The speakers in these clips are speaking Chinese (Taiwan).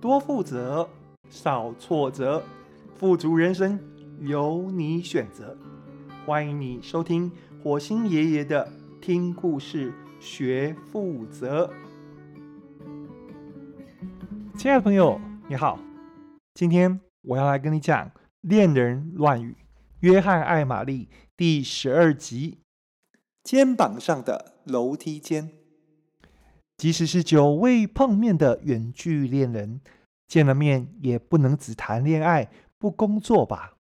多富擇，少挫折，富足人生由你選擇。歡迎你收聽火星爺爺的聽故事學富擇。親愛的朋友，你好，今天我要來跟你講《戀人亂語》約翰愛瑪麗第十二集：肩膀上的樓梯間。即使是久未碰面的遠距戀人。見了面也不能只談戀愛不工作吧？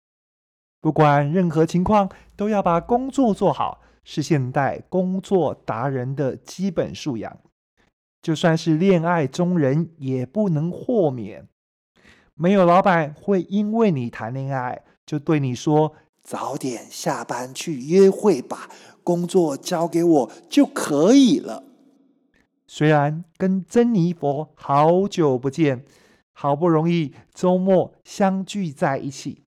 不管任何情況，都要把工作做好，是現代工作達人的基本素養。就算是戀愛中人，也不能豁免。沒有老板會因為你談戀愛就對你說：“早點下班去約會吧，工作交給我就可以了。”雖然跟珍妮佛好久不見。好不容易周末相聚在一起，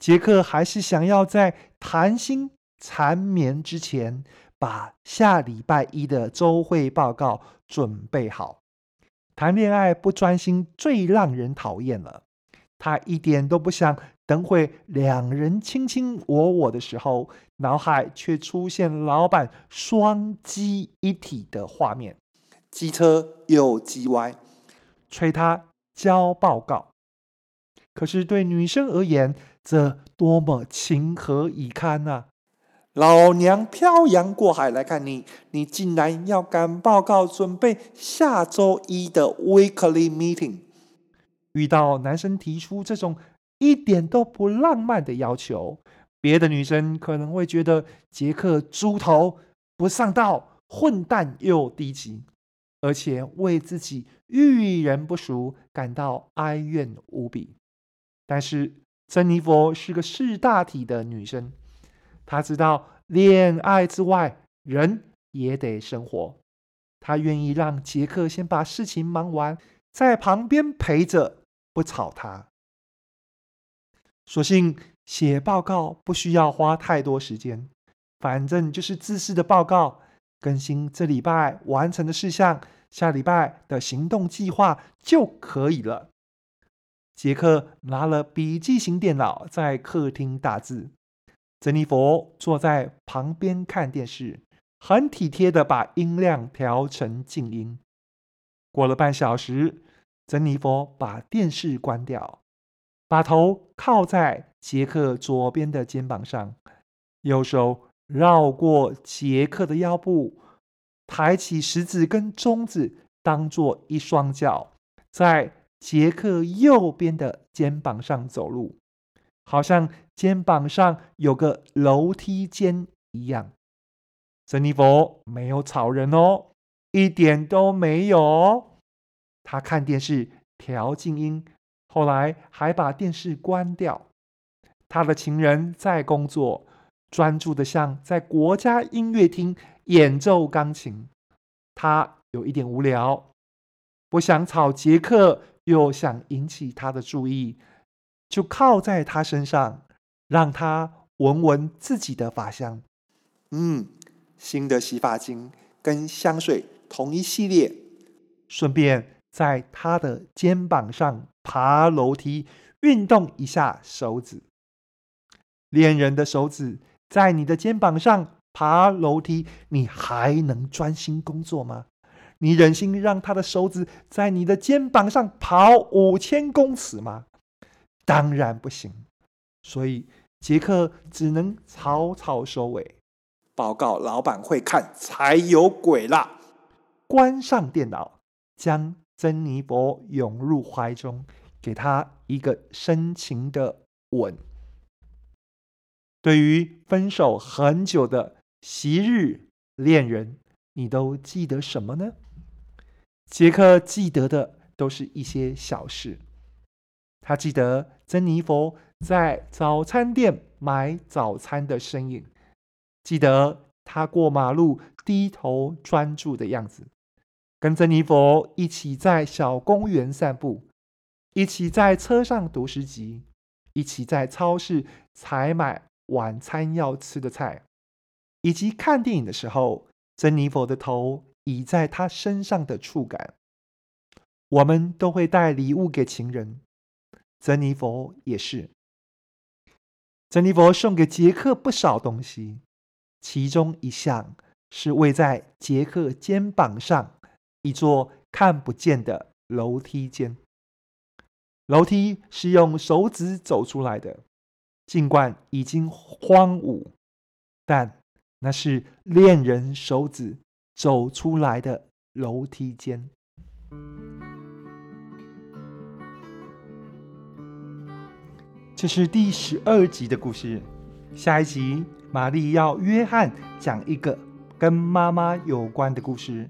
傑克還是想要在談心纏綿之前把下禮拜一的周會報告準備好。談戀愛不專心最讓人討厭了。他一點都不想等會兩人卿卿我我的時候，腦海卻出現老闆雙機一體的畫面，機車又機歪，催他。交報告，可是對女生而言，這多麼情何以堪啊！老娘漂洋過海來看你，你竟然要趕報告，準備下週一的 weekly meeting。遇到男生提出這種一點都不浪漫的要求，別的女生可能會覺得傑克豬頭不上道，混蛋又低級。而且為自己遇人不淑感到哀怨無比。但是珍妮佛是個識大體的女生，她知道戀愛之外，人也得生活。她願意讓傑克先把事情忙完，在旁邊陪着，不吵他。索性寫報告不需要花太多時間，反正就是自私的報告，更新這禮拜完成的事項，下禮拜的行動計劃就可以了。傑克拿了筆記型電腦在客廳打字，珍妮佛坐在旁邊看電視，很體貼的把音量調成靜音。過了半小時，珍妮佛把電視關掉，把頭靠在傑克左邊的肩膀上，右手繞過傑克的腰部。抬起食指跟中指，當做一雙腳，在傑克右邊的肩膀上走路，好像肩膀上有個樓梯間一樣。珍妮佛沒有吵人哦，一點都沒有哦。他看電視調靜音，後來還把電視關掉。他的情人在工作，專注的像在國家音樂廳，演奏鋼琴，他有一點無聊。不想吵傑克，又想引起他的注意，就靠在他身上，讓他聞聞自己的髮香。嗯，新的洗髮精跟香水同一系列，順便在他的肩膀上爬樓梯，運動一下手指。戀人的手指在你的肩膀上，爬樓梯，你還能專心工作嗎？你忍心讓他的手指在你的肩膀上跑五千公尺嗎？當然不行。所以傑克只能草草收尾，報告老闆會看才有鬼啦。關上電腦，將珍妮佛擁入懷中，給他一個深情的吻。對於分手很久的。昔日戀人，你都記得什麼呢？傑克記得的都是一些小事。他記得珍妮佛在早餐店買早餐的身影，記得他過馬路低頭專注的樣子，跟珍妮佛一起在小公園散步，一起在車上讀詩集，一起在超市採買晚餐要吃的菜。以及看電影的時候，珍妮佛的頭倚在他身上的觸感，我們都會帶禮物給情人，珍妮佛也是。珍妮佛送給傑克不少東西，其中一項是位在傑克肩膀上一座看不見的樓梯間，樓梯是用手指走出來的，儘管已經荒蕪，但。那是戀人手指走出來的樓梯間。這是第十二集的故事。下一集，瑪麗要約翰講一個跟媽媽有關的故事。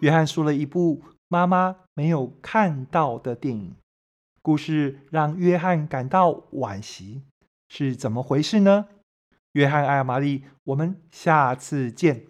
約翰說了一部媽媽沒有看到的電影，故事讓約翰感到惋惜，是怎麼回事呢？約翰愛瑪麗，我們下次見。